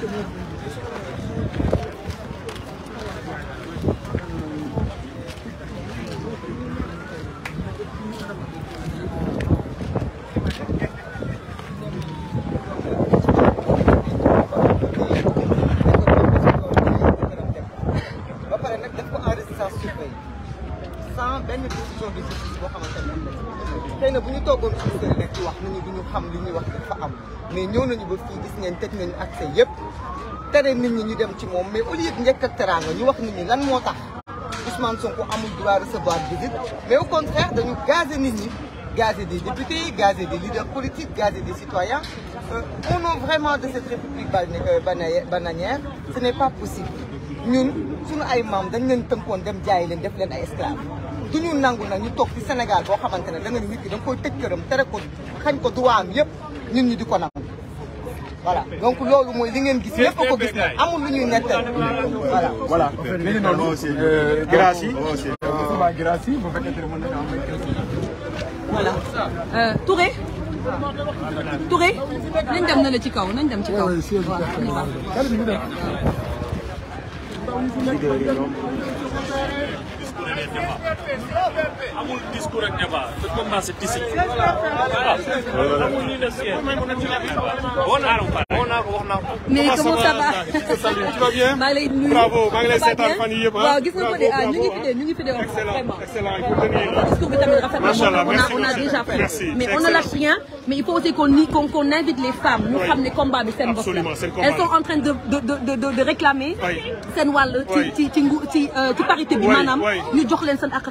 tey na bu ñu toogoon ci ministère rek wax nit ñi du ñu xam li ñuy wax dafa am mais ñëw nañu ba fii gis ngeen tëj nañu accès yëpp tere nit ñi ñu dem ci moom mais au lieu que njëkk ak teraanga ñu wax nit ñi lan moo tax Ousmane Sonko amul droit recevoir visite mais au contraire dañu gazé nit ñi gazé des députés gazé des leaders politiques gazé des citoyens euh, au nom vraiment de cette république euh, bananière ce n'est pas possible ñun suñu ay maam dañ leen tënkoon dem jaayi leen def leen ay esclaves du ñu nangu nag ñu toog ci Sénégal boo xamante ne da nga nit ki da nga koy tëj këram tere ko xañ ko droit am yëpp ñun ñu di ko nangu voilà donc loolu mooy li ngeen gis ñëpp ko gis na amul lu ñuy nettal voilà. voilà mi ngi noonu. grâce yi. waaw grâce yi bu fekkente ne mën nañu am voilà euh, Touré. Touré nañ dem na la ci kaw nañ dem ci kaw. waaw dernier a amul discours ak débat te commencé naa ko wax naa ko. mais comment ça va tu vas bien. maa ngi lay nuyu bravo maa ngi lay seetaan fan yii yëpp ah. waaw gis nga ko de ah, ñu ngi fi de ñu ngi fi de wax vraiment. excellent excellent. discours bi tamit rafet na on a on a déjà fait. merci mais on ne lâche rien. mais il faut aussi qu'on qu'on qu'on invite les femmes. ñu xam ne combat bi seen bopp la. elles sont en train de de de de de réclamer. seen wàll ci ci ci ngu ci euh, ci parité bi. maanaam ñu jox leen seen ak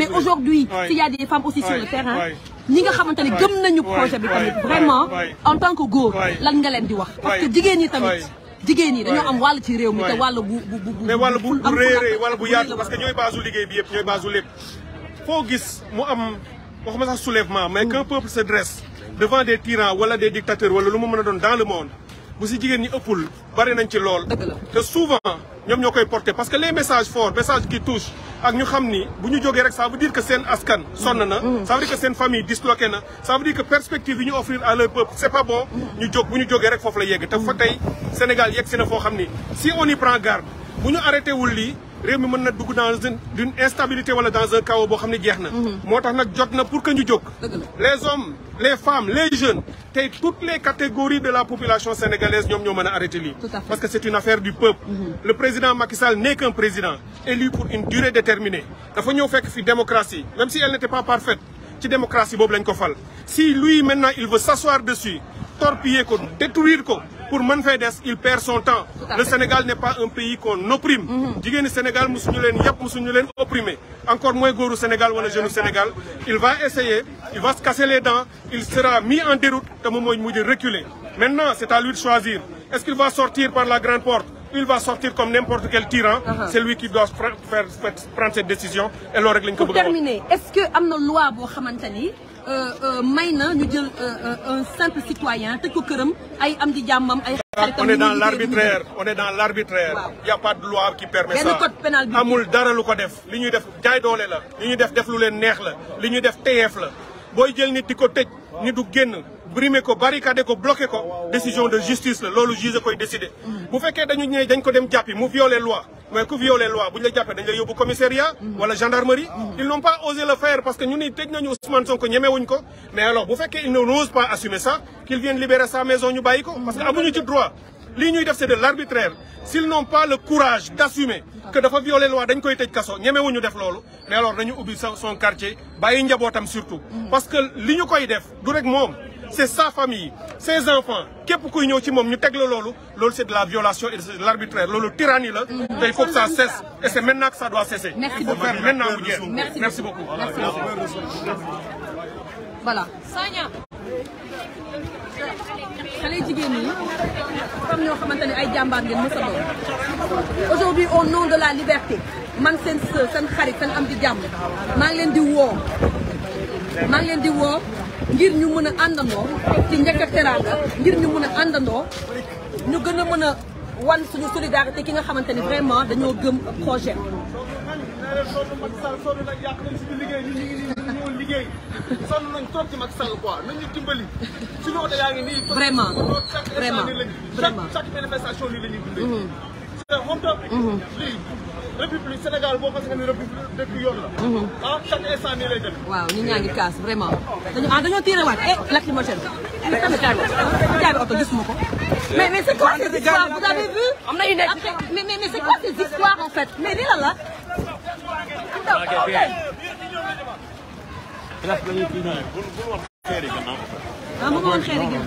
mais aujourd'hui s'il y a des femmes aussi sur le terrain. ñi nga xamante ne gëm nañu projet bi tamit vraiment en tant que góor lan nga leen di wax. parce que jigéen ñi tamit jigéen dañoo am wàll ci réew mi te wàll bu bu bu mais wàll bu réeré wàll bu yaatu parce que ñooy baasu liggéey bi yëpp ñooy baasu lépp foo gis mu am waxuma sax soulèvement mais mm. qu'un peuple se dresse devant des tyrans wala des dictateurs wala lu ma mën a doon dans le monde bu si jigéen ñi ëppul bari nañ ci lool te souvent ñoom ñoo koy porter parce que les messages forts messages qui touchent ak ñu xam ni bu ñu jógee rek ça veut dire que seen askan sonn na mm. Mm. ça veut dire que seen famille disloqué na ça veut dire que perspective yi ñu offrir à leur peuple c'est pas bon mm. ñu jóg bu ñu jógee rek foofu la yegg te fa tey Sénégal yegg si na foo xam ni si on y prend garde bu ñu arrêté wul lii réew mi mën na dugg dans une instabilité wala dans un chaos boo xam ne jeex na. Mhm. moo tax nag jot na pour que ñu jóg. les hommes les femmes les jeunes tey toutes les catégories de la population sénégalaise ñoom ñoo mën a arrêté lii. parce que c' est une affaire du peuple. Mhm. le président Macky Sall n' un président élu pour une durée déterminée. dafa ñëw fekk fi démocratie même si elle n' était pas parfaite ci démocratie boobu lañ ko fal si lui maintenant il veut s'asseoir dessus torpiller ko détruire ko. pour mën fay il perd son temps le Sénégal n'est pas un pays qu'on opprime mhm. jigéeni Sénégal musuñu leen yàpp musuñu leen opprimer encore moins góoru Sénégal wala jeune Sénégal il va essayer il va se casser les dents il sera mis en déroute te moom mooy reculer maintenant c'est à lui de choisir est-ce qu'il va sortir par la grande porte il va sortir comme n'importe quel tyran. Uh-huh. c'est lui qui doit faire, prendre cette décision et loolu rek lañ ko Euh, euh, may na ñu jël euh, un simple citoyen tëj ko këram ay am di jàmmam ay. on est dans l'arbitraire on est dans l'arbitraire y a pas de loi qui permet ça code pénal bi amul dara lu ko def li ñuy def jaay doole la li ñuy def def lu leen neex la li ñuy def teyeef la booy jël nit di ko tëj nit du génn brimer ko barricader ko bloquer ko décision de justice la loolu juge koy décider mm. bu fekkee dañu ñëw dañ ko dem jàppi mu violer loi mais ku violé loi bu ñu la jàppee dañ la yóbbu commissariat wala gendarmerie mm-hmm. ils n'ont pas osé le faire parce que ñu ni tëj nañu Ousmane Sonko ñemewuñ ko mais alors bu fekkee ils n'osent pas assumer ça qu'ils viennent libérer sa maison ñu bàyyi ko parce que amuñu ci droit lii ñuy def c'est de l'arbitraire s'ils n'ont pas le courage d'assumer que dafa violer loi dañ koy tëj kaso ñemewuñu def loolu mais alors nañu ubbi son quartier bàyyi njabootam surtout mm-hmm. li ñu koy def du rek c'est sa famille ses enfants képp kuy ñëw ci moom ñu teg la loolu loolu c'est de la violation et c'est de l'arbitraire loolu tyrannie la. Mm. te il faut que ça cesse et c'est maintenant que ça doit cesser. merci beaucoup maintenant mu jeex merci beaucoup. voilà. xale jigéen ñi comme ñoo xamante ne ay jàmbaar ngeen mës a doon aujourd'hui au nom de la liberté man seen sœur seen xarit seen am di jàmm maa ngi leen di woo maa ngi leen di woo. ngir ñu mën a àndandoo ci njëkk ak teraanga ngir ñu mën a àndandoo ñu gën a mën a wan suñu solidarité ki nga xamante ni vraiment dañoo gëm projet sonn Macky Sall sonn nag yàq nañ suñu liggéey ñu ngi nii ñu ñëw liggéey sonn nañ ci Macky Sall quoi vraiment vraiment chaque manifestation lii mm-hmm. la république Sénégal boo xasee ni république dëkk yoon la. Mhm. ah chaque instant nii lay dem. waaw ñun ñaa ngi kaas vraiment. dañu ah dañoo tiire waat eh lacrymogène. mais tamit caabi oto gisuma ko. mais mais c'est quoi cette histoire vous avez vu. am na yu nekk mais mais c'est quoi cette histoire en fait mais lii lan la. ah ma woon xeer gi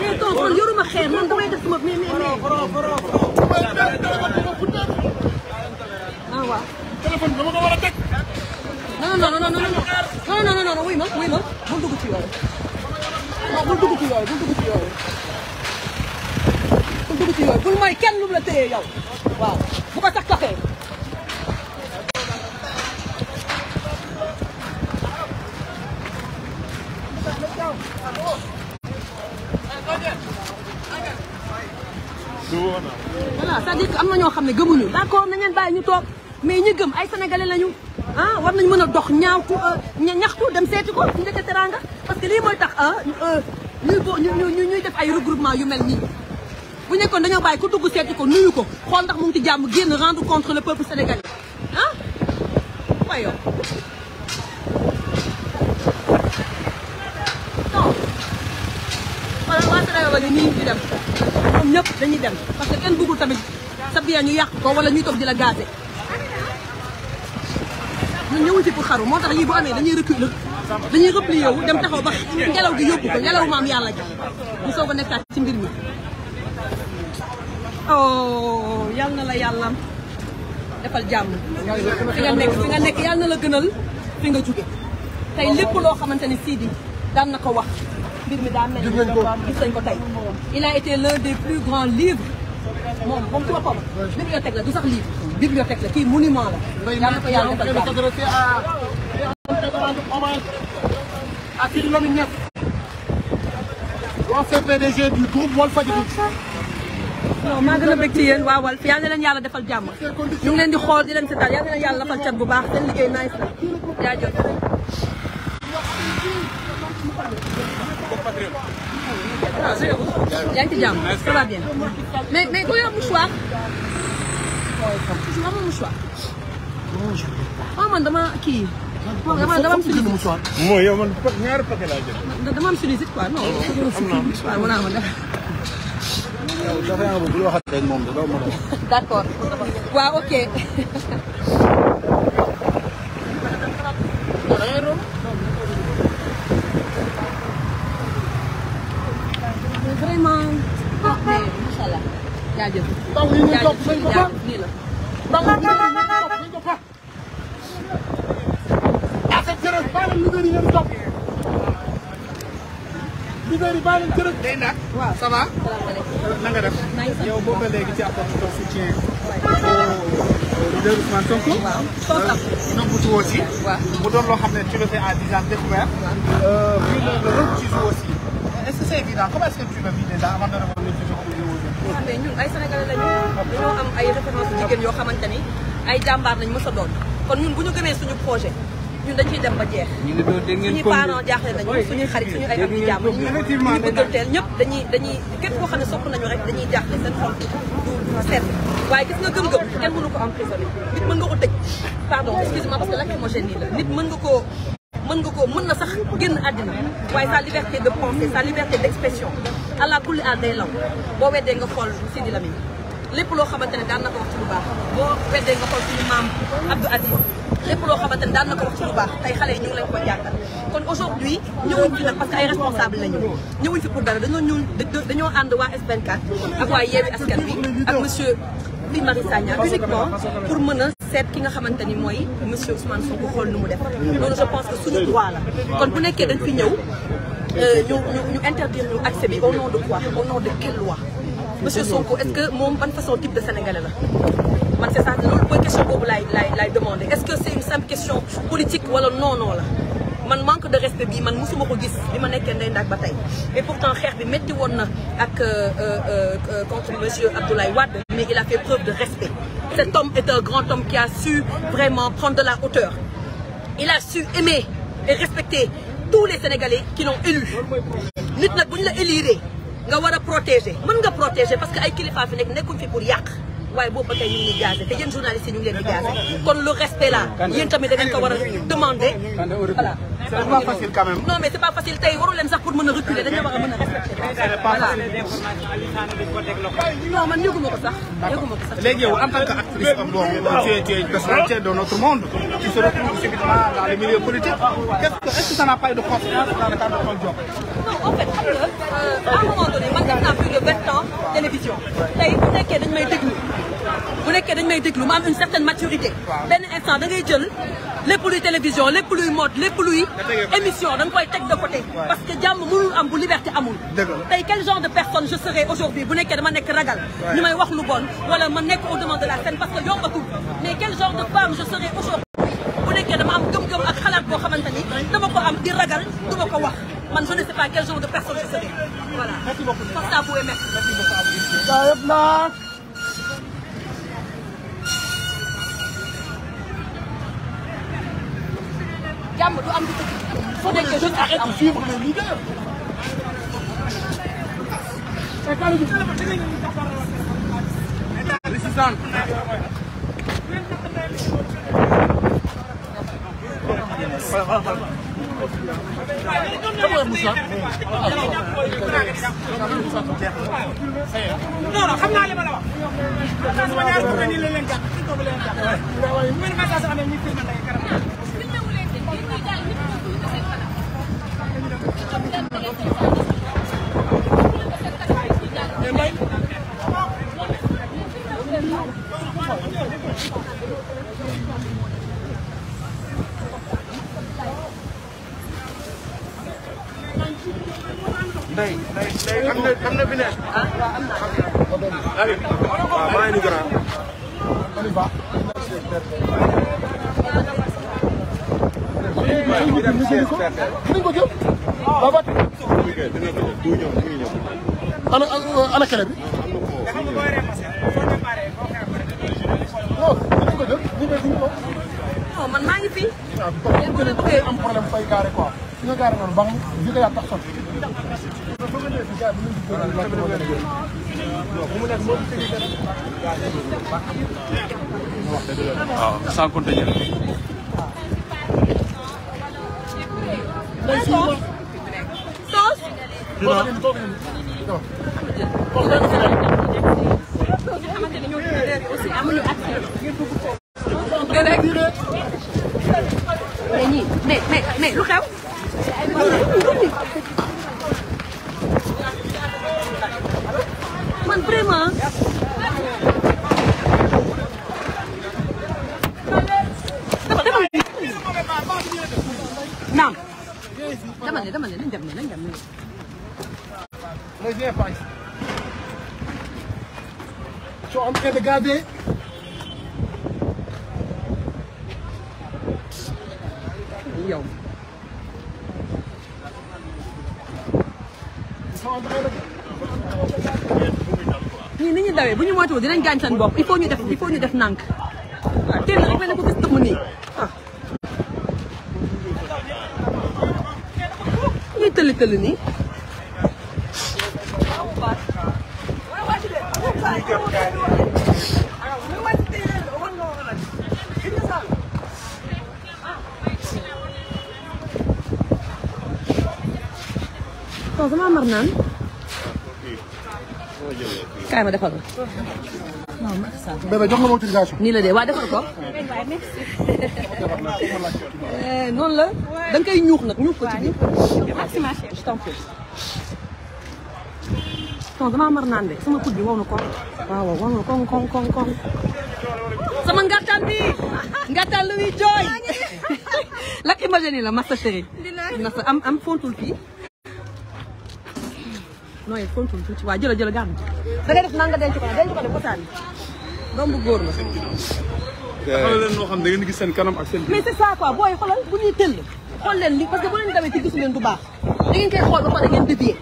mais tonton yoruma xeer man damay def sama mais mais mais. waaw. téléphone bi dama ko war a teg. non non non non non non non non wuy ma wuy ma bul dugg ci yooyu. non bul dugg ci yooyu bul dugg ci yooyu. bul dugg ci yooyu bul mooy kenn lu mu la téye yow. waaw bu ko sax taxee. voilà c'est-à-dire que am na ñoo xam ne gëmuñu d'accord na ngeen bàyyi ñu toog. mais ñi gëm ay sénégalais lañu ah war nañu mën a dox ñaawtu euh, ko dem seeti ko suñu dëkk teranga parce que lii mooy tax ah, ñuy euh, bo ñuy def ay regroupement yu mel nii. bu nekkoon dañoo bàyyi ku dugg seeti ko nuyu ko xool ndax mu ngi ci jàmm génn rendre contre le peuple sénégalais ah waaye waa Sénégal la nii ñu dem ñoom ñëpp dañuy dem parce que kenn bëggul tamit sa bien ñu yàq ko wala ñuy toog di la gazé. ñun ñëwuñ fi pour xaru moo tax lii bu amee dañuy reculer dañuy replier wu dem taxaw ba ngelaw gi yóbbu ko ngelaw maam yàlla gi ñu soog a nekkaat ci mbir mi oh na la yàlla defal jàmm fi nga nekk fi nga la gënal fi nga jóge tey lépp loo xamante ne sii di daan na ko wax mbir mi daa mel ni gis ko tey il a été l'un des plus grands livres moom moom ci boppam bibliothèque la du sax livre bibliothèque la kii monument la. yàlla ko yàlla defal jàmm ah. l'ancien PDG du groupe Walfadjri. non maa gën a bëgg ci yéen waa Walf yal na leen yàlla defal jàmm. ñu ngi leen di xool di leen seetaan yal na leen yàlla defal cat bu baax seen liggéey nice la jaajëf. waaw yaa ngi ci jàmm ça va bien mais mais ku yor mouchoir gis nga ma mouchoir. waaw man dama kii. dama dama am mooy yow man ñaari paquet laa jël. dama am sinusite quoi non. Oh, am naa am d'accord waaw ok. vraiment. macha allah jaajëf. jaajëf nii la. day nag ça va na nga def yow boobu ba léegi ci apporte ton soutien au leader Ousmane Sonko nëbbutu doon loo xam ne ci le fais à visage découvert puis le rôle que tu joues aussi est-ce que c'est évident comment est-ce que tu le nga xam ne ñun ay sénégalais lañu dañoo ni ay jàmbaar lañ a doon kon ñun bu ñu gënee suñu projet ñun dañ ciy dem ba jeex suñu parents jaaxle nañu suñuy xarit suñu ay am di jàmm ñu bëgganteel ñëpp dañuy dañuy képp koo xam ne sopp nañu rek dañuy jaaxle seen xol du nit mën nga ko tëj pardon excuse moi parce que lacrymogène nii la nit mën nga ko mën nga ko mën na sax génn àddina waaye sa liberté de pensée sa liberté d' expression allah kulli aal day law boo weddee nga xool Sidi Lamine lépp loo xamante daan na ko wax ci lu baax boo weddee nga xool suñu maam Abdou Aziz lépp loo xamante ne daan na ko wax ci lu baax tey xale yi ñu ngi leen ko jàngal kon aujourd'hui ñëwuñ fi nag parce que ay responsable la ñëwuñ fi pour dara dañoo ànd waa s ak waa Yewwi Askan Wi ak monsieur Guy seet ki nga xamante ni mooy monsieur Ousmane Sonko xool nu mu def loolu je pense que suñu droit la kon bu nekkee dañ fi ñëw euh, ñu ñu interdire ñu accès bi au nom de quoi au nom de quelle loi monsieur Sonko est-ce que moom ban façon type de sénégalais la man c'est ça loolu mooy question boobu laay laay laay demandé est-ce que c'est une simple question politique wala non non la man manque de respect bi man mosuma ko gis li ma nekkee ndey ndaak ba tey mais pourtant xeex bi métti woon na ak euh, euh, contre monsieur Abdoulaye Wade mais il a fait preuve de respect Cet homme est un grand homme qui a su vraiment prendre la hauteur. Il a su aimer et respecter tous les Sénégalais qui l'ont élu. nit nag bu ñu la élire nga war a protéger mën nga protéger parce que ay kilifa fi nekk nekkuñ fi pour yàq. waaye boobu ba tey ñu ngi ñuy gazé te yéen journalistes yi ñu ngi leen di gazé kon le respect là yéen tamit da ngeen ko war a demander voilà. c' est pas facile quand même. non mais c' est pas facile tey warul leen sax pour mën a reculer dañoo war a mën a respecté. voilà non man yëguma ko sax. yëguma ko sax léegi yow en tant que actrice am doon tu es tu es une personnalité de notre monde. tu te retrouves subitement dans le milieu politique. qu' est ce que est ce que ça n' a pas de conséquence dans le cadre de ton job. non en fait xam nga euh, à un moment donné man def naa plus de vingt ans télévision tey bu nekkee dañu may déglu. bu nekkee dañ may déglu ma am une certaine maturité. benn instant télévision lépp luy mode lépp luy émission da nga de côté. parce que jàmm mënul am bu liberté amul. tey quel genre de personne je serai aujourd'hui bu nekkee dama nekk ragal. ñu may wax lu bon ma nekk au devant de la scène parce que yombatul mais quel genre de femme je serai aujourd'hui bu nekkee dama am gëm je ne sais pas quel genre de personne je serai voilà. merci beaucoup Fatou Abou et merci. merci jàmm du am du il faut que les jeunes arrêtent de suivre les leaders. non non xam naa li ma la wax. xam naa sama ñaari kuréel yi lañ leen jàpp. ndey ndey ndey am na am na bi ne ah am na waaw maa ngi ko jël ba ba ana ana kele bi non man maa ngi fi am problème fay gaare quoi su nga gaare noonu baax na jikko yaa tax son waaw sans compter sos. mais mais mais lu xew. man vraiment. nañ dem nañ dem nañ dem. sont en train de garder. yow. ñii ni ñuy dawee bu ñu moytuwul dinañ gaañ seen bopp il faut ñu def il faut ñu def nànk. waaw teel na rek mel ne ko gis tax mu nii. tëli tëli nii. non sama mar naan. kaay ma defal la. non Macky Sall. bébé jox nga ma autorisation. nii la de waaw defal ko. Eh, noonu la da nga koy ñuux nag ñuux ko ci biir. je t'en prie. non damaa mar naan de sama put bi wow na koŋ. waaw waaw wow na koŋ koŋ koŋ koŋ. sama ngattaan bi ngattaan lu muy jooy. lakk imagine la massa chérie. am am fontul fii. nooy kontul tuuti waaw jëla jëla gàmm da ngay def naan nga denc ko denc ko de ko sànni doom bu góor la xoolal leen noo xam da ngeen gis seen kanam ak seen mais c'est ça quoi booy xoolal bu ñuy tëll xool leen li parce que bu leen demee ci gisu leen du baax da ngeen koy xool ba pare ngeen dévier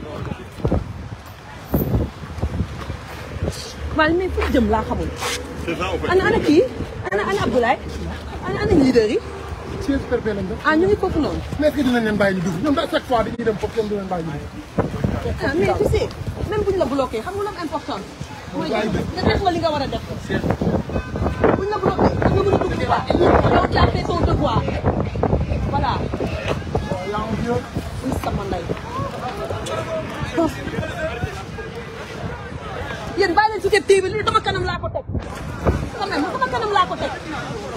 waaye mais fu jëm laa xamul ana ana kii ana ana Abdoulaye ana ana leader yi ah ñu ngi foofu noonu mais est-ce que dinañ leen bàyyi ñu dugg ñoom à chaque fois dañuy dem foofu ñoom dinañ bàyyi ñu dugg mais tu sais même buñ la bloqué xam nga lu am important. mooy nga def nga li nga war a def. buñ la bloqué da nga mën a dugg quoi. yow tu as fait ton devoir voilà. muy sama ndey. yéen bàyyi leen suñu téeméer lu dama kanam laa ko teg. quand même sama kanam laa ko teg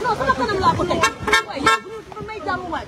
non sama kanam laa ko teg waaye yow bu ñu may jàmm waay.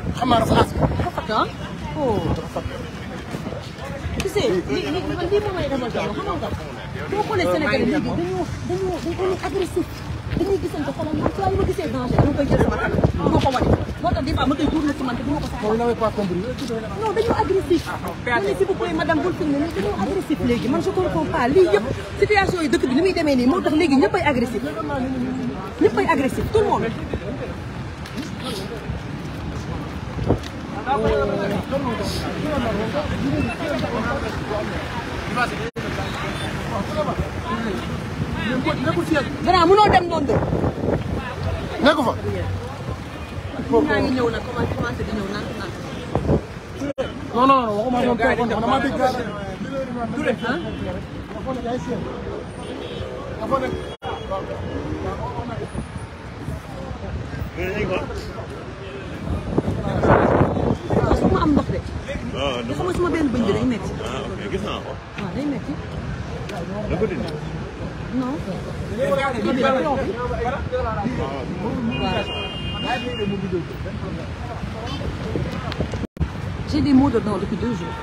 xamaa dafa aas. dafa fàtte ah. Oh. dafa fàtte. tu sais li li man lii moom lay demal jàmm xam nga boo xoolee Sénégal léegi dañoo dañoo dañoo agressif dañuy gisante xoolal man saa yu ma gisee danger dama koy jël sama kanam moo ko wane moo tax des fois ma koy tourner ci man te du ma ko saa. non dañoo agressif. ma ne si bu koy madame bul filmé mais dañoo agressif léegi man je comprends pas lii yëpp situation yi dëkk bi ni muy demee nii moo tax léegi ñëppay agressif ñëppay agressif tout le monde. gannaaw mënoo dem noonu de. nekk fa. foofu naa ngi ñëw nag commencé commencé di ñëw naan naan. non non non waxuma noonu téléphone bi dama dégg gàllankoor. Touré ah. dafa nekk. dafa xam nga sama benn bëñ bi day métti. ah ok gis naa ko. waaw ah, day métti. da ko dindi. non. j'ai des maux de dents depuis deux jours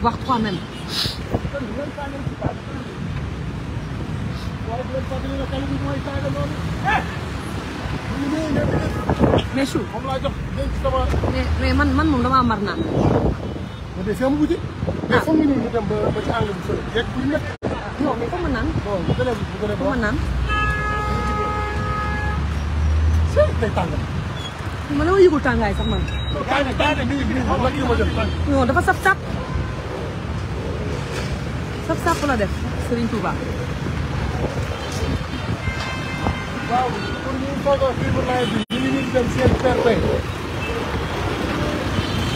voire trois même. Eh! mais Chou moom laa jox mais man man moom damaa mar naan. ma dee si am guddi. mais foog nga ñëw ñu dem ba ba ci àll bi sori. yegg bu ñu nekk. non mais foog ma naan. bon bu gënee bu gënee ba ma naan. day tàngal. man dama yëgul tàngaay sax man. daane daane bii bii ma kii ma jël. non dafa saf sap. saf sap la def Serigne Touba. waaw pour ñu soog a suivre nawet bi ñu ngi nii di dem CNPRP.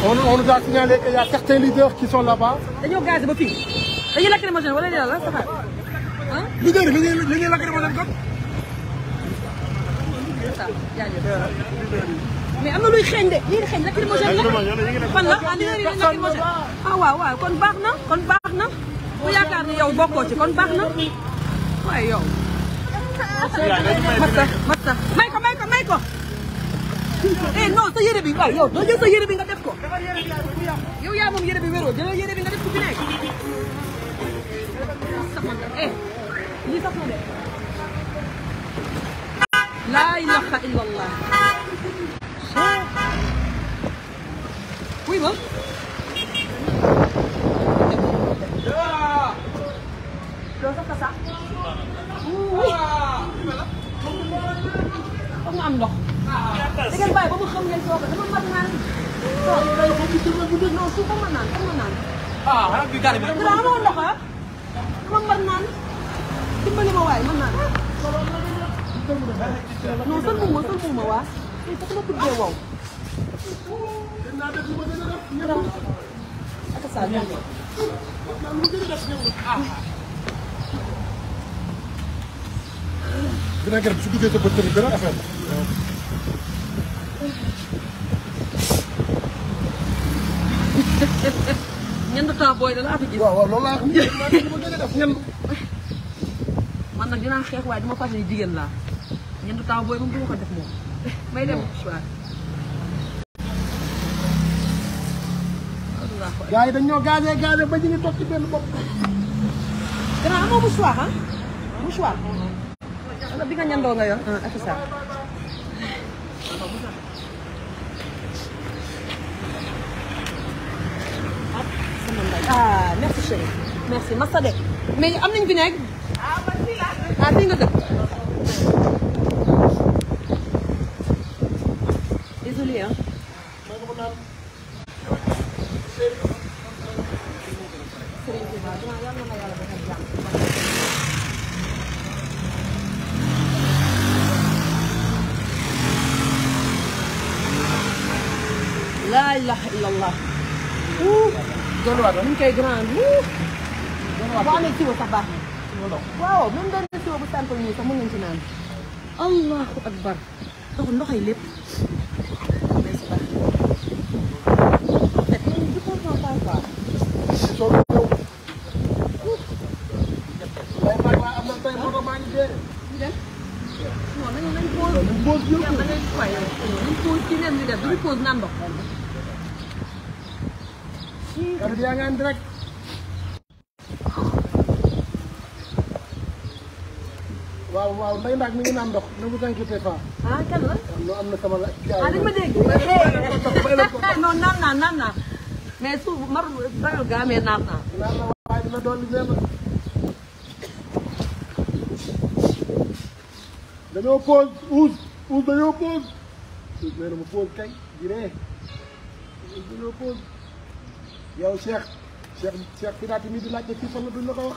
on on nous a signalé que y a certains leaders qui sont là-bas. dañoo gaz ba fii dañuy lacrymogène wala yàlla saxaar ah. leader yi li ñuy li ñuy lacrymogène kon. mais am na luy xeeñ de lii xeeñ lacrymogène la fan la ah leader yi lañ lacrymogène ah waaw waaw kon baax na kon baax na ku yaakaar ni yow bokkoo ci kon baax na waaye yow. mat na may ko may ko may ko. eh non sa yére bi waaye yow doo jël sa yére bi nga def ko. yow yaa moom yére bi wéroo jëlal yére bi nga def ko fi nekk. eh lii sax na de. laa ilaha illallah. wuy ma. doo sax sax. am ndox. da ngeen bàyyi ba mu xam ngeen soog a dama mën naan. waaw yow dañoo xam ci tur bu dul noonu suuf ba mën naan ba mën naan. ah waaw bi gàllankoor bi. dinaa amoon ndox ah. dama mën naan dimbali ma waay mën naan. non sën mu ma sën mu ma waa. tey sax ma tuddee wow. waaw. ak saa yu bëri. vinaigre bi su duggee sa bët tamit beneen affaire la. ñenn temps booy da laa fi gis. waaw waaw loolu laa xam ñenn. man nag dinaa xeex waaye duma fàtte ni jigéen laa ñenn temps booy moom du ma ko def moom may dem soir. gaa yi dañ ñoo gaasee gaasee ba ñu ngi toog ci benn bopp. gannaaw amoo mouchoir ah mouchoir. bi nga ñandoo nga yor ah ak ah merci chérie merci Massa de mais am nañu fi nekk. ah man fii laa dëkk. ah fii nga dëkk. désolé ah. kay grand bi. boo amee siwo sax baax na. waaw même benn siwo bu simple nii sax mën nañ ci naan. allahu akbar ndox yaa ngi en direct waaw waaw Mbaye Mbacke mi ngi naan ndox ne vous inquiétez pas. ah kan la. non am na sama la. ah dañ ma dégg. non naan naa naan naa mais suuf mar baral gaa mais naan naa. naan na waaye dina doon liggéey ba. dañoo pause uus uus dañoo pause. uus nee na mu pause kay. di ree dañoo pause. yow Cheikh Cheikh Cheikh Kouyaté mi di laajte kii fan na laa.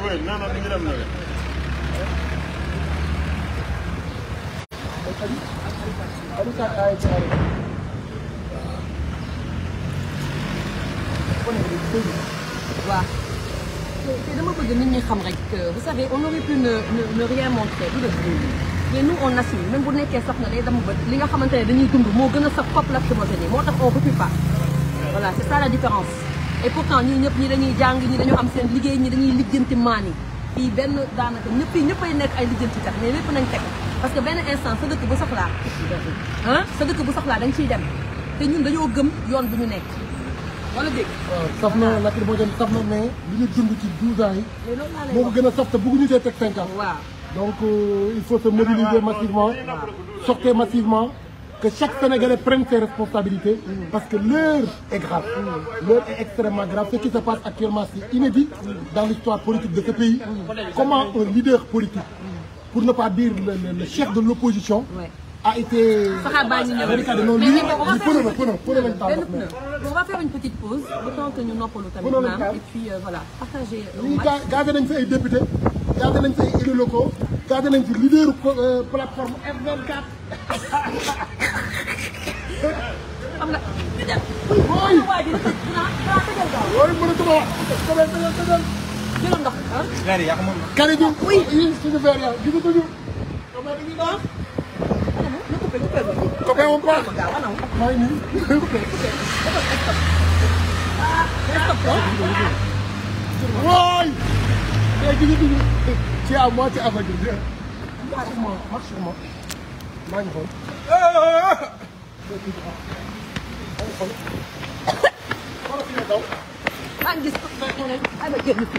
école école waaw te dama bëgg nit ñi xam rek vous savez on aurait pu ne ne ne rien montrer du dëgg mais nous on assume même bu nekkee sax na day dama bët li nga xamante ne dañuy dund moo gën a sax fop la climatérique moo tax on recule pas voilà c'est ça la différence. et pourtant ñun ñëpp ñi dañuy jàng ñi dañu am seen liggéey ñi dañuy lijjanti maan yi fii benn daanaka ñëpp yi ñëppay nekk ay lijjanti tax mais lépp nañ teg. parce que benn instant sa dëkk bu soxlaa ah sa dëkk bu soxlaa dañ dem te ñun dañoo gëm yoon bu ñu nekk wala saf na lakk moo dem saf na mais ñu dund ci 12 ans yi moo ko gën a saf te bëgguñu dee teg 5 ans waaw donc euh, il faut se mobiliser massivement sortir massivement que chaque Sénégalais prenne ses responsabilités parce que l'heure est grave l'heure est extrêmement grave ce qui se passe actuellement c'est inédit dans l'histoire politique de ce pays comment un leader politique pour ne pas dire le, le, le chef de l'opposition ouais. a été barricadé. Non, lui, prenons-le, prenons-le le temps. On va faire une petite pause, le temps que nous noppaloo tamit naam et puis euh, voilà, partager ñu euh, gardé nañ fi ay député gardé nañ fi ay élus locaux gardé nañ fi leader euh, plateforme F24. xam nga ñu dem. ooy waaw waaw waaw waaw waaw waaw waaw waaw waaw waaw waaw jëloon ndox ah. verre yaa ko moom. kari bi oui suñu verre yaa gis nga ko ñu. xam nga dañuy baax. copain moom baax. maa ngi nii. waay. tey gis nga ko ñu. ci à moitié aveugle bi. marchement marchement. maa ngi xool. maa ngi xool. war a fi ne daw. maa ngi gis ko ay ma génn fi